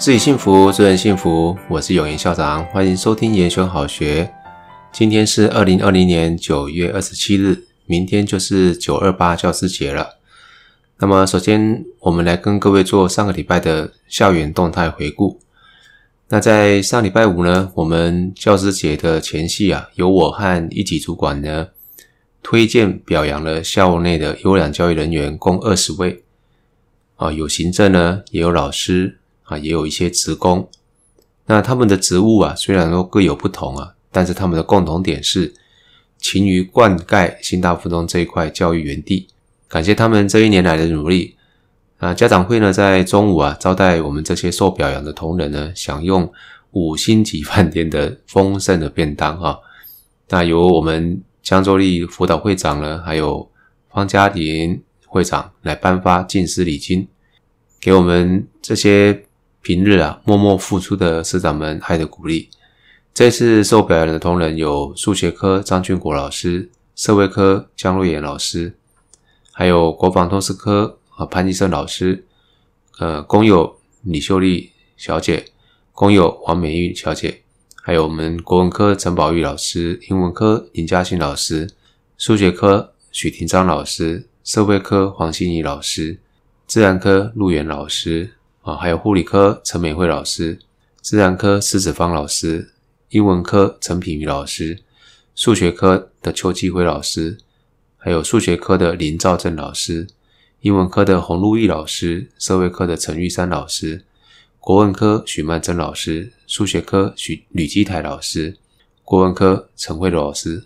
自己幸福，自然幸福。我是勇延校長，歡迎收聽延選好學。今天是二零二零年九月二十七日，明天就是九二八教師節了。那麼，首先我們來跟各位做上個禮拜的校園動態回顧。那在上禮拜五呢，我們教師節的前夕啊，由我和一級主管呢推薦表揚了校內的優良教育人員共二十位啊，有行政呢，也有老師。啊，也有一些職工，那他們的職務啊，雖然都各有不同啊，但是他們的共同點是勤於灌溉興大附中這一塊教育園地。感謝他們這一年來的努力。啊，家長會呢，在中午啊，招待我們這些受表揚的同仁呢，享用五星級飯店的豐盛的便當哈、啊。那由我們江周立輔導會長呢，還有方嘉庭會長來頒發敬師禮金，給我們這些。平日啊，默默付出的師長們，愛的鼓勵。這次受表揚的同仁有數學科張俊國老師、社會科江若岩老師，還有國防通識科和潘繼勝老師。呃，工友李秀麗小姐，工友黃美玉小姐，還有我們國文科陳寶玉老師、英文科林嘉欣老師、數學科許廷章老師、社會科黃希怡老師、自然科陸遠老師。啊，還有護理科陳美惠老師，自然科施子芳老師，英文科陳品瑜老師，數學科的邱繼輝老師，還有數學科的林兆正老師，英文科的洪露義老師，社會科的陳玉山老師，國文科許曼珍老師，數學科許呂基台老師，國文科陳慧老師，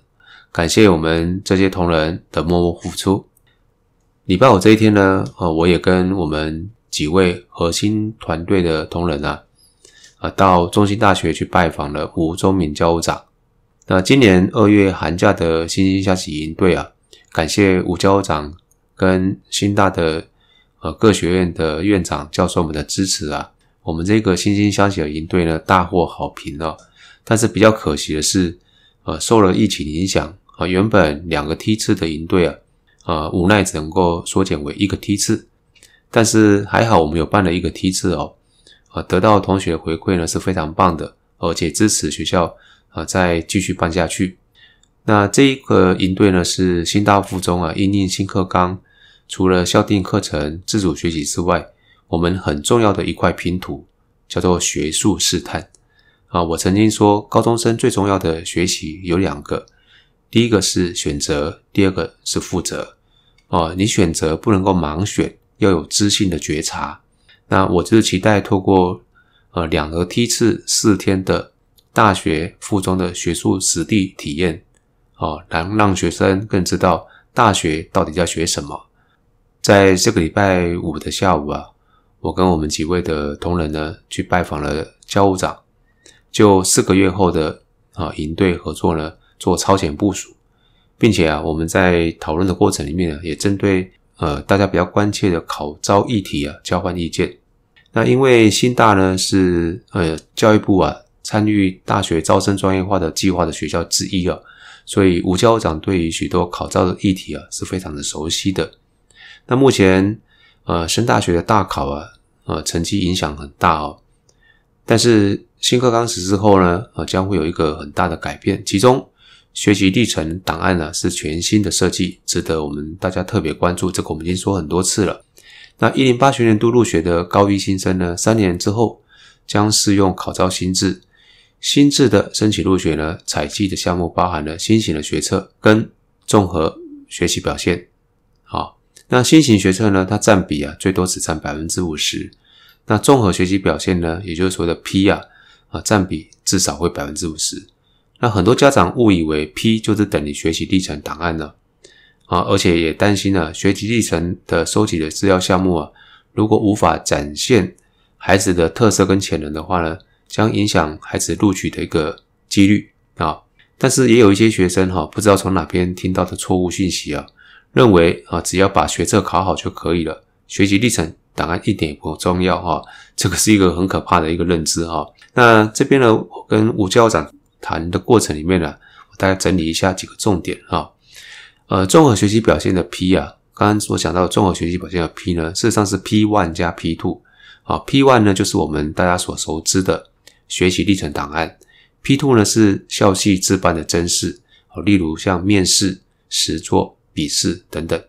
感謝我們這些同仁的默默付出。禮拜五這一天呢，啊，我也跟我們。幾位核心團隊的同仁啊，啊，到中興大學去拜訪了吳宗明教務長。那今年二月寒假的星星消息營隊啊，感謝吳教務長跟新大的呃各學院的院長、教授們的支持啊，我們這個星星消息的營隊呢，大獲好評哦。但是比較可惜的是，呃，受了疫情影響啊、呃，原本兩個梯次的營隊啊，啊、呃，無奈只能夠縮減為一個梯次。但是還好，我們有辦了一個梯次哦，啊，得到同學的回饋呢是非常棒的，而且支持學校啊、呃、再繼續辦下去。那這一個營隊呢是興大附中啊，因應新課綱，除了校定課程自主學習之外，我們很重要的一塊拼圖叫做學術試探啊、呃。我曾經說，高中生最重要的學習有兩個，第一個是選擇，第二個是負責。啊、呃，你選擇不能夠盲選。要有知性的覺察，那我就是期待透過呃兩個梯次四天的大學附中的學術實地體驗啊，能、呃、讓，讓學生更知道大學到底在學什麼。在這個禮拜五的下午啊，我跟我們幾位的同仁呢，去拜訪了教務長，就四個月後的啊、呃、營隊合作呢做超前部署，並且啊我們在討論的過程裡面呢，也針對。呃，大家比較關切的考招議題啊，交換意見。那因為興大呢是呃教育部啊參與大學招生專業化的計劃的學校之一啊，所以吳校長對於許多考招的議題啊是非常的熟悉的。那目前呃升大學的大考啊，呃成績影響很大哦。但是新課綱實施後呢，呃將會有一個很大的改變，其中。學習歷程檔案呢、啊、是全新的設計，值得我們大家特別關注。這個我們已經說很多次了。那一零八學年度入學的高一新生呢，三年之後將適用考招新制。新制的申請入學呢，採計的項目包含了新型的學測跟綜合學習表現。好，那新型學測呢，它佔比啊最多只佔百分之五十。那綜合學習表現呢，也就是說的 P 啊啊佔比至少會百分之五十。那很多家長誤以為 P 就是等於學習歷程檔案了啊，啊，而且也擔心了、啊、學習歷程的收集的資料項目啊，如果無法展現孩子的特色跟潛能的話呢，將影響孩子錄取的一個幾率啊。但是也有一些學生哈、啊，不知道從哪邊聽到的錯誤訊息啊，認為啊，只要把學測考好就可以了，學習歷程檔案一點也不重要哈、啊，這個是一個很可怕的一個認知哈、啊。那這邊呢，我跟吳校長。談的過程裡面呢，我大概整理一下幾個重點哈。呃，綜合學習表現的 P 啊，剛剛所講到綜合學習表現的 P 呢，事實上是 P one 加 P two 啊。P one 呢，就是我們大家所熟知的學習歷程檔案。P two 呢，是校系主辦的甄試、啊、例如像面試、實作、筆試等等。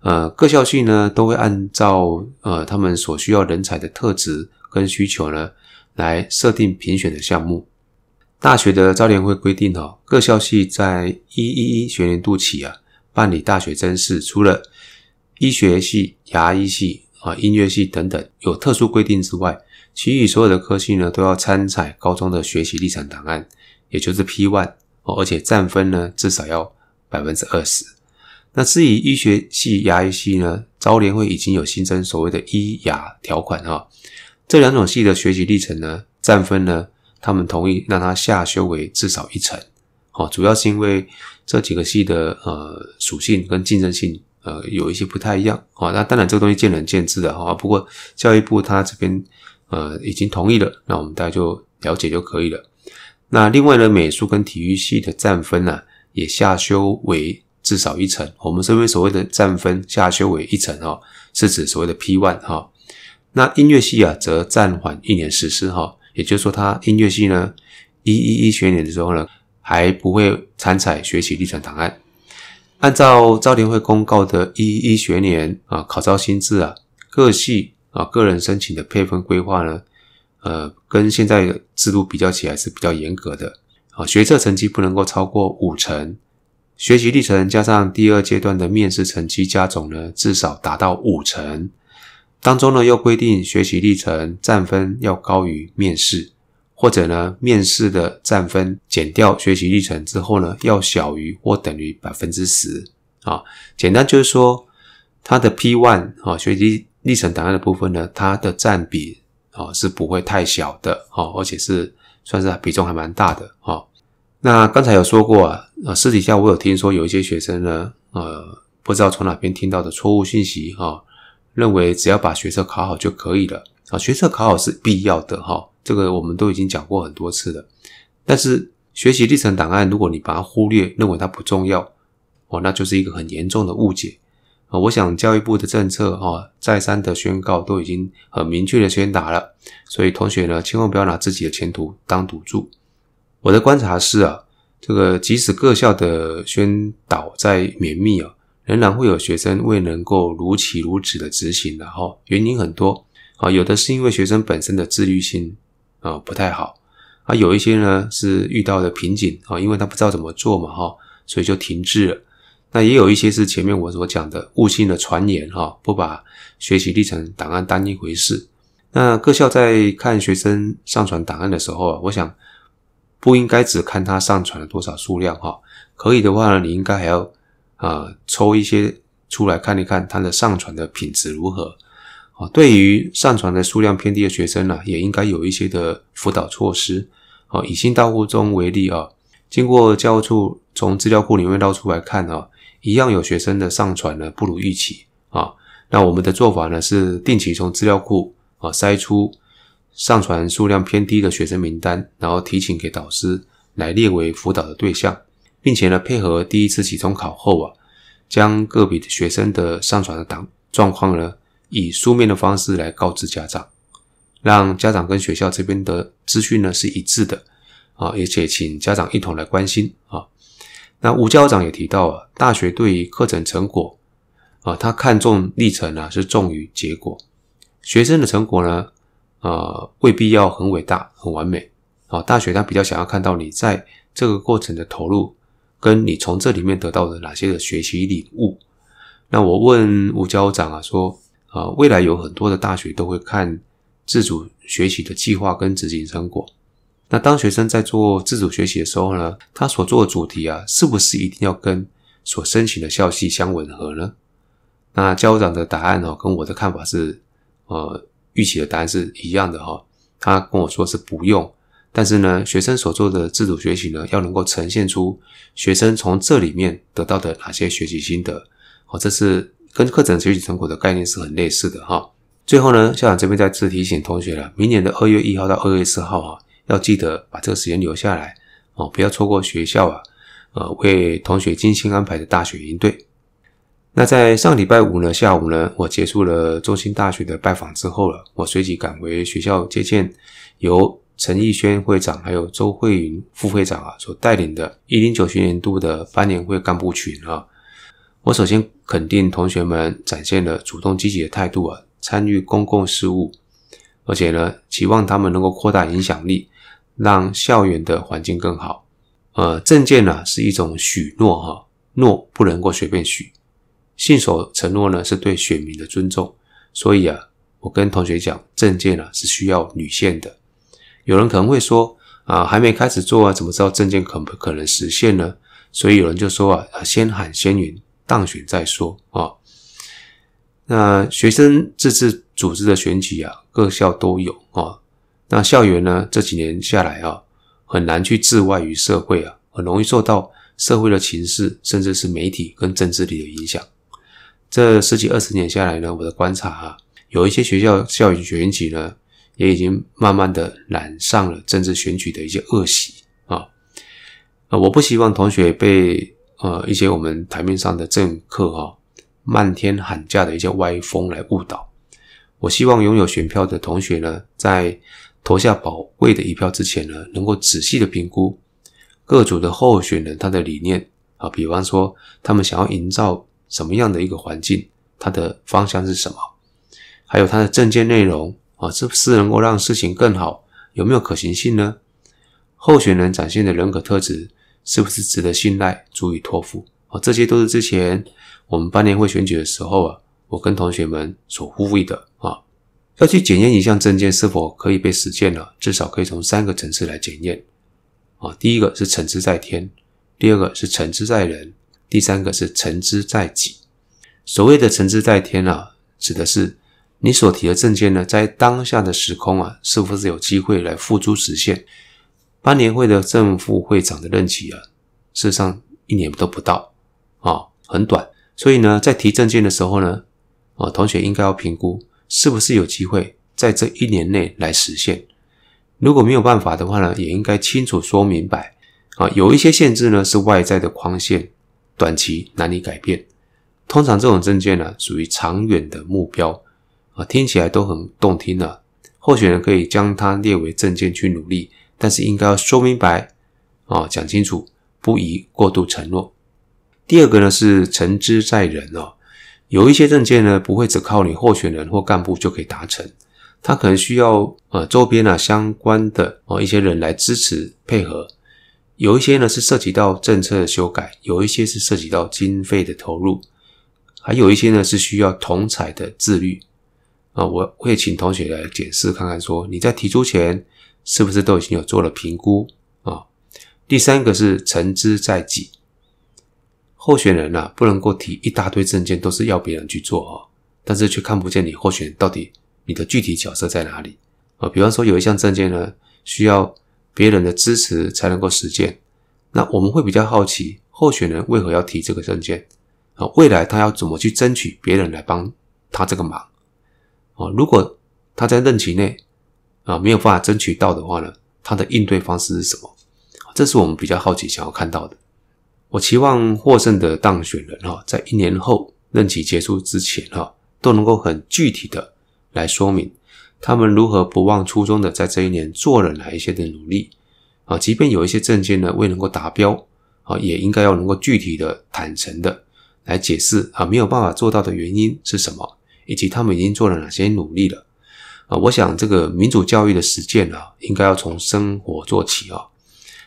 呃、啊，各校系呢，都會按照呃、啊、他們所需要人才的特質跟需求呢，來設定評選的項目。大學的招聯會規定哦，各校系在一一一學年度起啊辦理大學甄試，除了醫學系、牙醫系啊、音樂系等等有特殊規定之外，其餘所有的科系呢，都要參採高中的學習歷程檔案，也就是 P 1，而且占分呢至少要百分之二十。那至於醫學系、牙醫系呢，招聯會已經有新增所謂的醫牙條款哈，這兩種系的學習歷程呢占分呢，他們同意讓它下修為至少一層，哦，主要是因為這幾個系的呃屬性跟競爭性呃有一些不太一樣哦。那當然這個東西見仁見智的哈。不過教育部他這邊呃已經同意了，那我們大家就了解就可以了。那另外呢，美術跟體育系的占分呢、啊、也下修為至少一層。我們這邊所謂的占分下修為一層哦，是指所謂的 P one 哈。那音樂系啊則暫緩一年實施哈。也就是說，他音樂系呢，一一一學年的時候呢，還不會參採學習歷程檔案。按照招聯會公告的，一一一學年啊，考招新制啊，各系啊個人申請的配分規劃呢，呃，跟現在的制度比較起來是比較嚴格的。啊，學測成績不能夠超過五成，學習歷程加上第二階段的面試成績加總呢，至少達到五成。當中呢，又規定學習歷程占分要高於面試，或者呢，面試的占分減掉學習歷程之後呢，要小於或等於百分之十啊。簡單就是說，他的 P1 啊、哦，學習歷程檔案的部分呢，它的佔比啊、哦、是不會太小的啊、哦，而且是算是比重還蠻大的啊、哦。那剛才有說過啊，呃、啊，私底下我有聽說有一些學生呢，呃，不知道從哪邊聽到的錯誤信息、哦認為只要把學測考好就可以了啊，學測考好是必要的哈，這個我們都已經講過很多次了。但是學習歷程檔案，如果你把它忽略，認為它不重要，哦，那就是一個很嚴重的誤解啊。我想教育部的政策啊，再三的宣告都已經很明確的宣達了，所以同學呢，千萬不要拿自己的前途當賭注。我的觀察是啊，這個即使各校的宣導再綿密啊。仍然會有學生未能夠如期如此的執行，然後原因很多啊，有的是因為學生本身的自律性啊不太好，啊有一些呢是遇到的瓶頸啊，因為他不知道怎麼做嘛哈，所以就停滯了。那也有一些是前面我所講的誤信的傳言哈，不把學習歷程檔案當一回事。那各校在看學生上傳檔案的時候啊，我想不應該只看他上傳了多少數量哈，可以的話呢，你應該還要。啊，抽一些出來看一看，他的上傳的品質如何？啊，對於上傳的數量偏低的學生呢、啊，也應該有一些的輔導措施。啊，以興大附中為例啊，經過教務處從資料庫裡面撈出來看啊，一樣有學生的上傳呢不如預期啊。那我們的做法呢是定期從資料庫啊篩出上傳數量偏低的學生名單，然後提醒給導師來列為輔導的對象。並且呢，配合第一次期中考後啊，將個別的學生的上傳的檔狀況呢，以書面的方式來告知家長，讓家長跟學校這邊的資訊呢是一致的啊，而且請家長一同來關心啊。那吳校長也提到啊，大學對於課程成果啊，他看重歷程啊，是重於結果。學生的成果呢，呃、啊，未必要很偉大、很完美啊。大學他比較想要看到你在這個過程的投入。跟你從這裡面得到的哪些的學習領悟？那我問吳校長啊說，說、呃、啊，未來有很多的大學都會看自主學習的計劃跟執行成果。那當學生在做自主學習的時候呢，他所做的主題啊，是不是一定要跟所申請的校系相吻合呢？那校長的答案哦，跟我的看法是，呃，預期的答案是一樣的哈、哦。他跟我說是不用。但是呢，學生所做的自主學習呢，要能夠呈現出學生從這裡面得到的哪些學習心得，哦，這是跟課程學習成果的概念是很類似的哈、哦。最後呢，校長這邊再次提醒同學了、啊，明年的二月一號到二月四號啊，要記得把這個時間留下來哦，不要錯過學校啊，呃，為同學精心安排的大學營隊。那在上禮拜五呢下午呢，我結束了中興大學的拜訪之後了，我隨即趕回學校接見由陳奕軒會長還有周慧雲副會長啊，所帶領的一零九學年度的班聯會幹部群啊，我首先肯定同學們展現了主動積極的態度啊，參與公共事務，而且呢，期望他們能夠擴大影響力，讓校園的環境更好。呃，政見呢是一種許諾哈，諾不能夠隨便許，信守承諾呢是對選民的尊重，所以啊，我跟同學講，政見呢是需要履踐的。有人可能會說啊，還沒開始做啊，怎麼知道政見可不可能實現呢？所以有人就說啊，先喊先贏，當選再說啊、哦。那學生自治組織的選舉啊，各校都有啊、哦。那校園呢，這幾年下來啊，很難去自外於社會啊，很容易受到社會的情勢，甚至是媒體跟政治力的影響。這十幾二十年下來呢，我的觀察啊，有一些學校校園選舉呢，也已經慢慢的染上了政治選舉的一些惡習啊！我不希望同學被呃一些我們檯面上的政客哈漫天喊價的一些歪風來誤導。我希望擁有選票的同學呢，在投下寶貴的一票之前呢，能夠仔細的評估各組的候選人他的理念啊，比方說他們想要營造什麼樣的一個環境，他的方向是什麼，還有他的政見內容。啊，是不是能夠讓事情更好？有沒有可行性呢？候選人展現的人格特質是不是值得信賴、足以托付？啊，這些都是之前我們班聯會選舉的時候啊，我跟同學們所呼籲的啊。要去檢驗一項政見是否可以被實踐了，啊，至少可以從三個層次來檢驗。啊，第一個是成之在天，第二個是成之在人，第三個是成之在己。所謂的成之在天啊，指的是。你所提的政見呢，在當下的時空啊，是不是有機會來付諸實現？班聯會的正副會長的任期啊，事實上一年都不到啊、哦，很短。所以呢，在提政見的時候呢，啊、哦，同學應該要評估是不是有機會在這一年內來實現。如果沒有辦法的話呢，也應該清楚說明白啊、哦，有一些限制呢是外在的框限，短期難以改變。通常這種政見呢、啊，屬於長遠的目標。啊，聽起來都很動聽了、啊、候選人可以將它列為政見去努力，但是應該要說明白，啊、哦，講清楚，不宜過度承諾。第二個呢是誠之在人哦，有一些政見呢不會只靠你候選人或幹部就可以達成，它可能需要呃周邊啊相關的哦一些人來支持配合。有一些呢是涉及到政策的修改，有一些是涉及到經費的投入，還有一些呢是需要同儕的自律。啊，我會請同學來解釋看看，說你在提出前是不是都已經有做了評估啊？第三個是成之在己，候選人呢不能夠提一大堆政見都是要別人去做哦，但是卻看不見你候選人到底你的具體角色在哪裡啊。比方說有一項政見呢需要別人的支持才能夠實踐，那我們會比較好奇，候選人為何要提這個政見啊？未來他要怎麼去爭取別人來幫他這個忙？啊，如果他在任期內啊沒有辦法爭取到的話呢，他的應對方式是什麼？這是我們比較好奇想要看到的。我期望獲勝的當選人哈，在一年後任期結束之前哈，都能夠很具體的來說明他們如何不忘初衷的在這一年做了哪一些的努力啊，即便有一些政見呢未能夠達標啊，也應該要能夠具體的坦誠的來解釋啊沒有辦法做到的原因是什麼。以及他們已經做了哪些努力了？啊，我想這個民主教育的實踐呢、啊，應該要從生活做起啊、哦。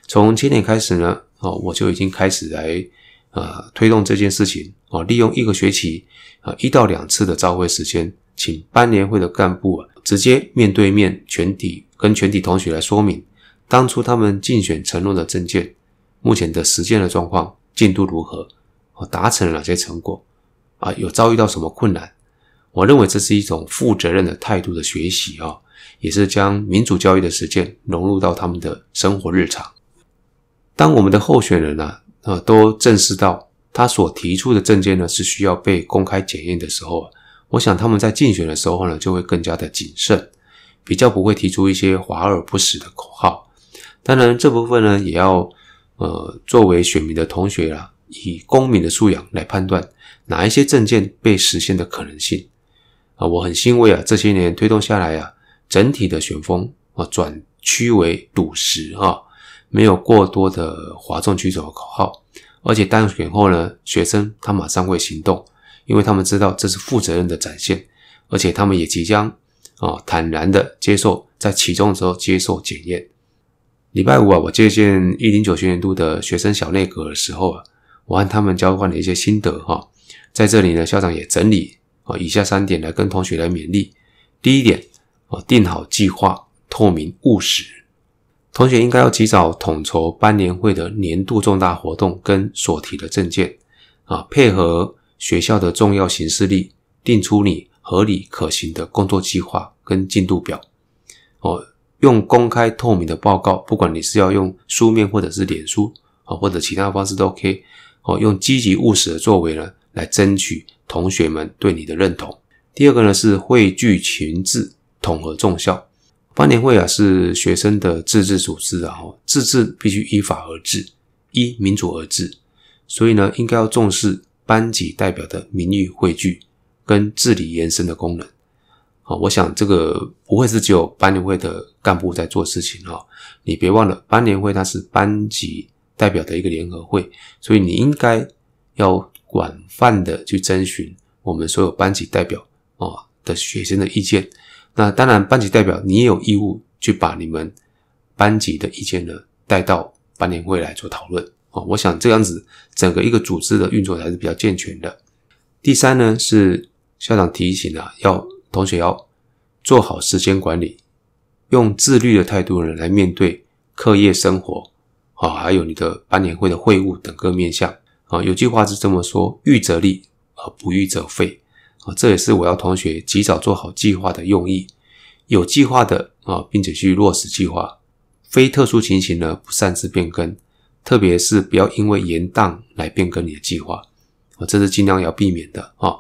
從今年開始呢，啊，我就已經開始來，啊推動這件事情啊，利用一個學期啊，一到兩次的朝會時間，請班聯會的幹部啊，直接面對面全體跟全體同學來說明，當初他們競選承諾的政見，目前的實踐的狀況，進度如何，和、啊、達成了哪些成果，啊，有遭遇到什麼困難？我認為這是一種負責任的態度的學習啊、哦，也是將民主教育的實踐融入到他們的生活日常。當我們的候選人呢、啊，呃，都正視到他所提出的政見呢，是需要被公開檢驗的時候啊，我想他們在競選的時候呢，就會更加的謹慎，比較不會提出一些華而不實的口號。當然，這部分呢也要呃作為選民的同學啊，以公民的素養來判斷哪一些政見被實現的可能性。啊，我很欣慰啊，這些年推動下來啊，整體的選風啊轉趨為務實哈，沒有過多的嘩眾取寵的口號，而且當選後呢，學生他馬上會行動，因為他們知道這是負責任的展現，而且他們也即將啊坦然的接受，在其中的時候接受檢驗。禮拜五啊，我接見一零九學年度的學生小內閣的時候啊，我和他們交換了一些心得哈、啊，在這裡呢，校長也整理。啊，以下三點來跟同學來勉勵。第一點，啊，定好計劃，透明務實。同學應該要及早統籌班聯會的年度重大活動跟所提的證件，啊，配合學校的重要行事曆，定出你合理可行的工作計劃跟進度表。哦，用公開透明的報告，不管你是要用書面或者是臉書，啊，或者其他方式都 OK。哦，用積極務實的作為呢。來爭取同學們對你的認同。第二個呢，是匯聚群智，統合眾校。班聯會啊是學生的自治組織啊，自治必須依法而治，依民主而治。所以呢，應該要重視班級代表的民意匯聚跟治理延伸的功能，哦。我想這個不會是只有班聯會的幹部在做事情啊。你別忘了，班聯會它是班級代表的一個聯合會，所以你應該要。廣泛的去徵詢我們所有班級代表啊，的學生的意見，那當然班級代表你也有義務去把你們班級的意見呢帶到班聯會來做討論啊。我想這樣子整個一個組織的運作還是比較健全的。第三呢是校長提醒啊，要同學要做好時間管理，用自律的態度呢來面對課業生活啊，還有你的班聯會的會務等各面向。啊，有句話是這麼說：“預則立，而、啊、不預則廢。”啊，這也是我要同學及早做好計劃的用意。有計劃的啊，並且去落實計劃，非特殊情形呢，不擅自變更，特別是不要因為延宕來變更你的計劃啊，這是儘量要避免的啊。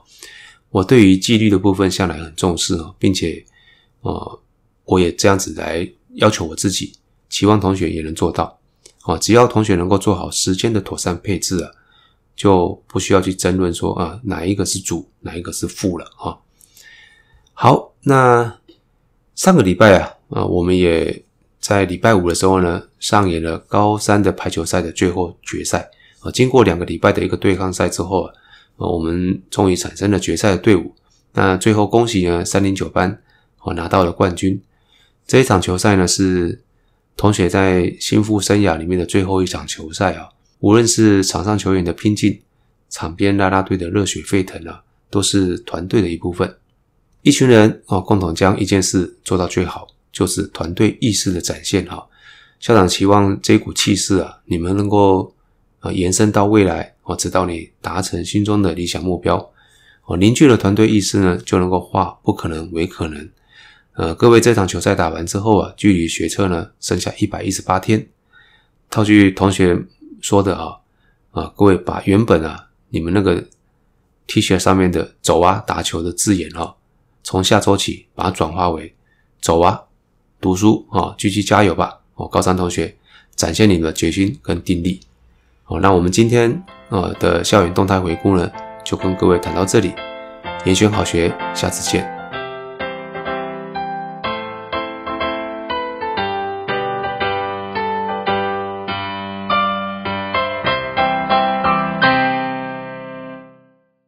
我對於紀律的部分向來很重視啊，並且呃、啊，我也這樣子來要求我自己，期望同學也能做到啊。只要同學能夠做好時間的妥善配置啊。就不需要去爭論說，啊，哪一個是主，哪一個是副了啊。好，那上個禮拜啊、啊我們也在禮拜五的時候呢，上演了高三的排球賽的最後決賽啊。經過兩個禮拜的一個對抗賽之後啊，我們終於產生了決賽的隊伍。那最後恭喜呢，三零九班我、啊、拿到了冠軍。這一場球賽呢，是同學在興附生涯裡面的最後一場球賽啊。無論是場上球員的拼勁，場邊拉拉隊的熱血沸騰啊，都是團隊的一部分。一群人啊共同將一件事做到最好，就是團隊意識的展現哈。校長期望這股氣勢啊，你們能夠呃延伸到未來我直到你達成心中的理想目標。我凝聚了團隊意識呢，就能夠化不可能為可能。呃，各位這場球賽打完之後啊，距離學測呢剩下一百一十八天。套句同學。說的啊，啊，各位把原本啊你們那個 T 恤上面的“走啊打球”的字眼啊，從下周起把它轉化為“走啊讀書啊，繼續加油吧，哦，高三同學，展現你們的決心跟定力。”好，那我們今天啊的校園動態回顧呢，就跟各位談到這裡。延選好學，下次見。